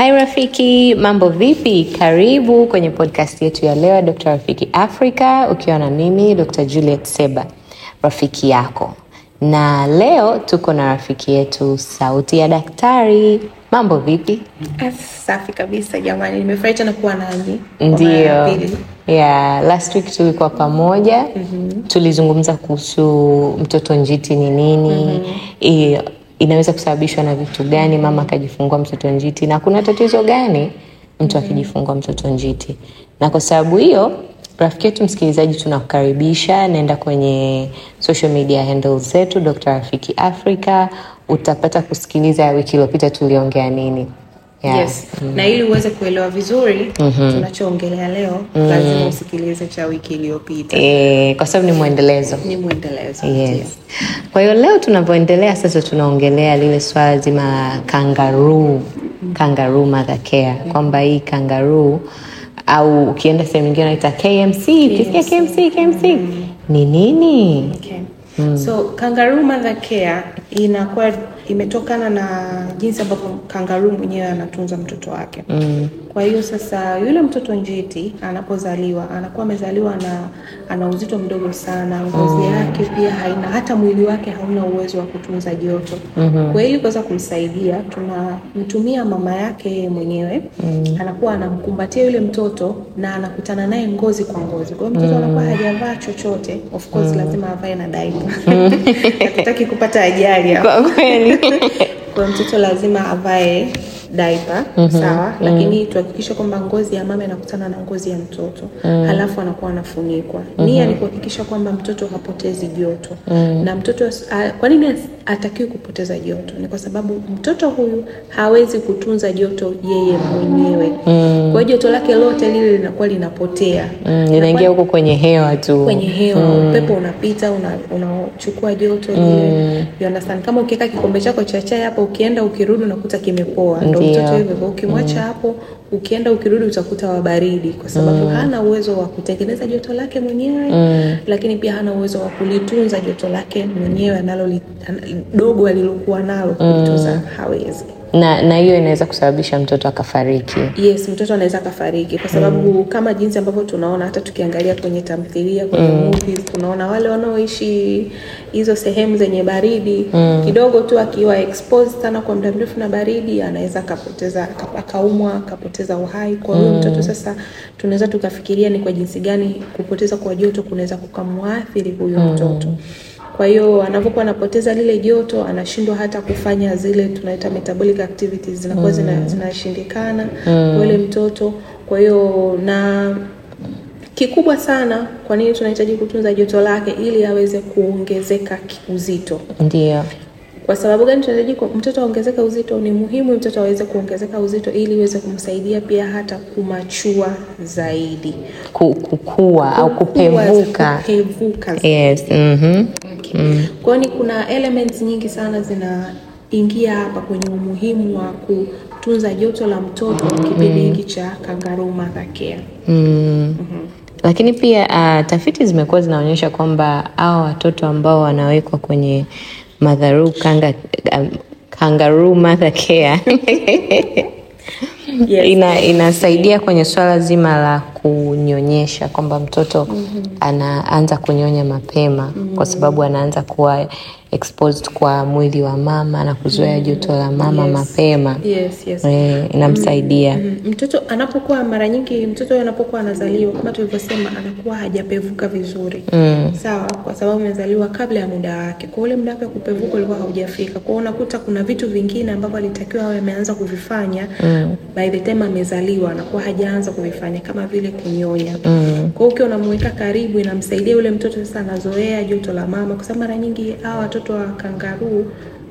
Hai rafiki, mambo vipi? Karibu kwenye podcast yetu ya leo Dr. Rafiki Africa, ukiwa na mimi Dr. Juliet Seba, rafiki yako, na leo tuko na rafiki yetu Sauti ya Daktari. Mambo vipi? Safi kabisa jamani, nimefurahi tena kuwa nani Ndio, yeah, last week tulikuwa pamoja. mm -hmm. Tulizungumza kuhusu mtoto njiti ni nini. mm -hmm inaweza kusababishwa na vitu gani, mama akajifungua mtoto njiti, na kuna tatizo gani mtu akijifungua mtoto njiti. Na kwa sababu hiyo, rafiki yetu msikilizaji, tunakukaribisha naenda kwenye social media handle zetu Dr. Rafiki Africa, utapata kusikiliza wiki iliyopita tuliongea nini. Yeah. Yes. Mm. Na ili uweze kuelewa vizuri mm -hmm. tunachoongelea leo mm. lazima mm-hmm. usikilize cha wiki iliyopita e, kwa sababu ni mwendelezo, ni mwendelezo. Yes. Kwa hiyo leo tunapoendelea sasa, tunaongelea lile swala zima la kangaruu mm. kangaruu mother care mm. kwamba hii kangaruu au ukienda sehemu nyingine unaita KMC, KMC, KMC, KMC. Mm. ni nini? Okay. Mm. So kangaruu mother care inakuwa imetokana na jinsi ambavyo kangaruu mwenyewe anatunza mtoto wake mm. Kwa hiyo sasa yule mtoto njiti anapozaliwa anakuwa amezaliwa na ana uzito mdogo sana, ngozi mm. yake pia haina, hata mwili wake hauna uwezo wa kutunza joto mm -hmm. Kwa hiyo ili kuweza kumsaidia, tunamtumia mama yake mwenyewe mm. anakuwa anamkumbatia yule mtoto na anakutana naye ngozi kwa ngozi. Kwa hiyo mtoto mm. anakuwa hajavaa chochote, of course mm. lazima avae na diaper, hatutaki kupata ajali kwa kweli kwa mtoto lazima avae diaper mm -hmm. Sawa, mhm. lakini tuhakikishe kwamba ngozi ya mama inakutana na ngozi ya mtoto mm -hmm. Halafu anakuwa anafunikwa mm mhm. -hmm. Nia ni kuhakikisha kwamba mtoto hapotezi joto mm -hmm. Na mtoto kwa nini atakiwi kupoteza joto? Ni kwa sababu mtoto huyu hawezi kutunza joto yeye mwenyewe mm -hmm. Kwa joto lake lote lile linakuwa linapotea mm -hmm. huko kwenye hewa tu, kwenye hewa mm -hmm. Upepo unapita unachukua una joto mm -hmm. Kama ukiweka kikombe chako cha chai hapo, ukienda ukirudi unakuta kimepoa mtoto hivyo hivyo, ukimwacha mm. hapo, ukienda ukirudi utakuta wa baridi kwa sababu mm. hana uwezo wa kutengeneza joto lake mwenyewe mm. lakini pia hana uwezo wa kulitunza joto lake mwenyewe analo dogo alilokuwa nalo mm. kulitunza, mm. hawezi na na hiyo inaweza kusababisha mtoto akafariki. Yes, mtoto anaweza akafariki kwa sababu mm. kama jinsi ambavyo tunaona hata tukiangalia kwenye tamthilia, kwenye mm. movies tunaona wale wanaoishi hizo sehemu zenye baridi mm. kidogo tu, akiwa exposed sana kwa muda mrefu na baridi, anaweza akapoteza akaumwa, akapoteza uhai. Kwa hiyo mm. mtoto sasa, tunaweza tukafikiria ni kwa jinsi gani kupoteza kwa joto kunaweza kukamwathiri huyo mm. mtoto. Kwa hiyo anapokuwa anapoteza lile joto, anashindwa hata kufanya zile tunaita metabolic activities zinakuwa mm. zinashindikana mm. kwa yule mtoto. Kwa hiyo na kikubwa sana, kwa nini tunahitaji kutunza joto lake ili aweze kuongezeka uzito? Ndio. Kwa sababu gani tunahitaji mtoto aongezeka uzito? Ni muhimu mtoto aweze kuongezeka uzito ili iweze kumsaidia pia hata kumachua zaidi, kukua au kupevuka, kupevuka. Yes. mm -hmm hiki. Mm. Kwani kuna elements nyingi sana zinaingia hapa kwenye umuhimu wa kutunza joto la mtoto mm. kipindi hiki cha kangaroo mother care. Mm. Mm -hmm. Lakini pia uh, tafiti zimekuwa zinaonyesha kwamba hao watoto ambao wanawekwa kwenye madharu kanga, um, kangaroo mother care yes. Ina, inasaidia kwenye swala zima la kunyonyesha, kwamba mtoto mm -hmm. anaanza kunyonya mapema mm -hmm. kwa sababu anaanza kuwa exposed kwa mwili wa mama na kuzoea mm. joto la mama yes. mapema yes, yes. E, inamsaidia mm, mm. Mtoto anapokuwa mara nyingi mtoto anapokuwa anazaliwa kama tulivyosema, anakuwa hajapevuka vizuri mm. Sawa, kwa sababu amezaliwa kabla ya muda wake, kwa ule muda wake kupevuka ulikuwa haujafika, kwa unakuta kuna vitu vingine ambavyo alitakiwa awe ameanza kuvifanya mm. by the time amezaliwa anakuwa hajaanza kuvifanya kama vile kunyonya mm. Kwa hiyo ukiwa unamweka karibu, inamsaidia ule mtoto sasa, anazoea joto la mama, kwa sababu mara nyingi hawa watoto watoto wa kangaruu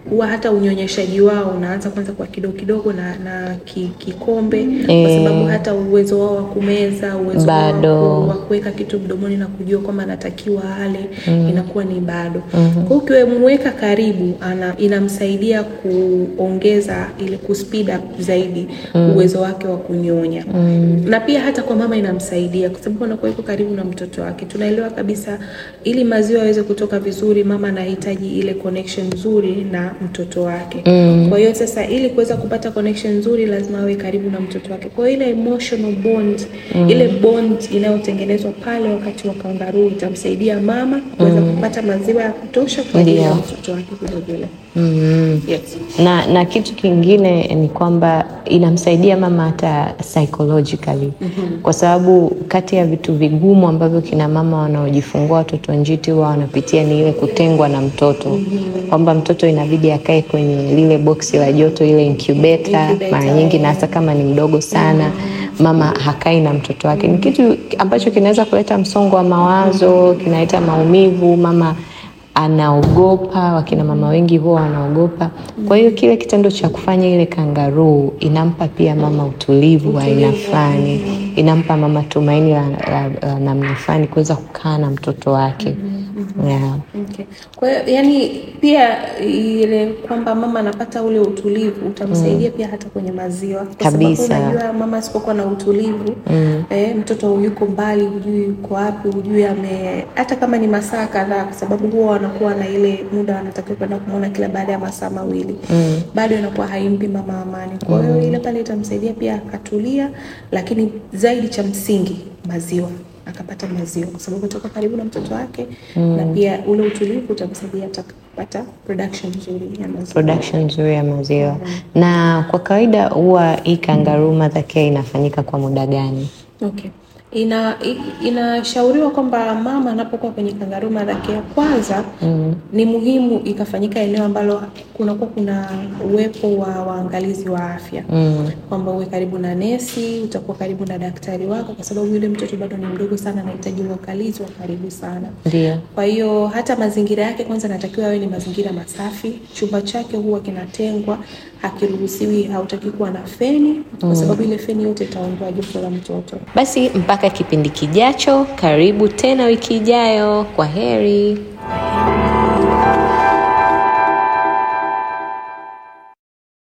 huwa hata unyonyeshaji wao unaanza kwanza kwa kidogo kidogo na, na kikombe e, kwa eh. sababu hata uwezo wao wa kumeza, uwezo wao wa kuweka kitu mdomoni na kujua kwamba anatakiwa ale mm. inakuwa ni bado mm -hmm. Kwa hiyo ukiwemweka karibu ana, inamsaidia kuongeza ile ku speed up zaidi mm. uwezo wake wa kunyonya mm. na pia hata kwa mama inamsaidia kwa sababu anakuwa yuko karibu na mtoto wake. Tunaelewa kabisa ili maziwa yaweze kutoka vizuri, mama anahitaji ile connection nzuri na mtoto wake mm. Kwa hiyo sasa, ili kuweza kupata connection nzuri, lazima awe karibu na mtoto wake. Kwa hiyo ile emotional bond mm. ile bond inayotengenezwa pale wakati wa kangaruu itamsaidia mama kuweza mm. kupata maziwa ya kutosha kwa ajili ya mtoto wake vilevile. Mm-hmm. Yes. Na, na kitu kingine ni kwamba inamsaidia mama hata psychologically mm -hmm. Kwa sababu kati ya vitu vigumu ambavyo kina mama wanaojifungua watoto njiti wao wanapitia ni ile kutengwa na mtoto mm -hmm. Kwamba mtoto inabidi akae kwenye lile boksi la joto, ile incubator mara nyingi, na hasa kama ni mdogo sana mm -hmm mama hakai na mtoto wake. Ni mm-hmm. kitu ambacho kinaweza kuleta msongo wa mawazo, mm-hmm. kinaleta maumivu. Mama anaogopa, wakina mama wengi huwa wanaogopa. Kwa hiyo kile kitendo cha kufanya ile kangaruu inampa pia mama utulivu wa aina fulani, inampa mama tumaini la namna fulani kuweza kukaa na mtoto wake. Mhm yeah. Kwa hiyo yani pia ile kwamba mama anapata ule utulivu utamsaidia mm. pia hata kwenye maziwa kwa sababu unajua mama asipokuwa na utulivu mm. eh, mtoto yuko mbali, hujui yuko wapi, hujui ame hata kama ni masaa kadhaa, kwa sababu huwa wanakuwa na ile muda wanatakiwa kwenda kumwona kila baada ya masaa mawili mm. bado inakuwa haimpi mama amani. Kwa hiyo mm. ile pale itamsaidia pia akatulia, lakini zaidi cha msingi maziwa akapata maziwa, kwa sababu kutoka karibu na mtoto wake mm. na pia ule utulivu utamsaidia hata kupata production nzuri ya maziwa, production nzuri ya maziwa. Mm. Na kwa kawaida huwa hii kangaroo mother care inafanyika kwa muda gani? Okay ina inashauriwa kwamba mama anapokuwa kwenye kangaruma yake ya kwanza mm. ni muhimu ikafanyika eneo ambalo kunakuwa kuna uwepo wa waangalizi wa afya mm. kwamba uwe karibu na nesi, utakuwa karibu na daktari wako, kwa sababu yule mtoto bado ni mdogo sana, anahitaji uangalizi wa karibu sana. yeah. Kwa hiyo hata mazingira yake kwanza anatakiwa yawe ni mazingira masafi. Chumba chake huwa kinatengwa hakiruhusiwi, hautaki kuwa na feni kwa mm. sababu ile feni yote itaondoa joto la mtoto. Basi mpaka kipindi kijacho, karibu tena wiki ijayo. Kwa heri.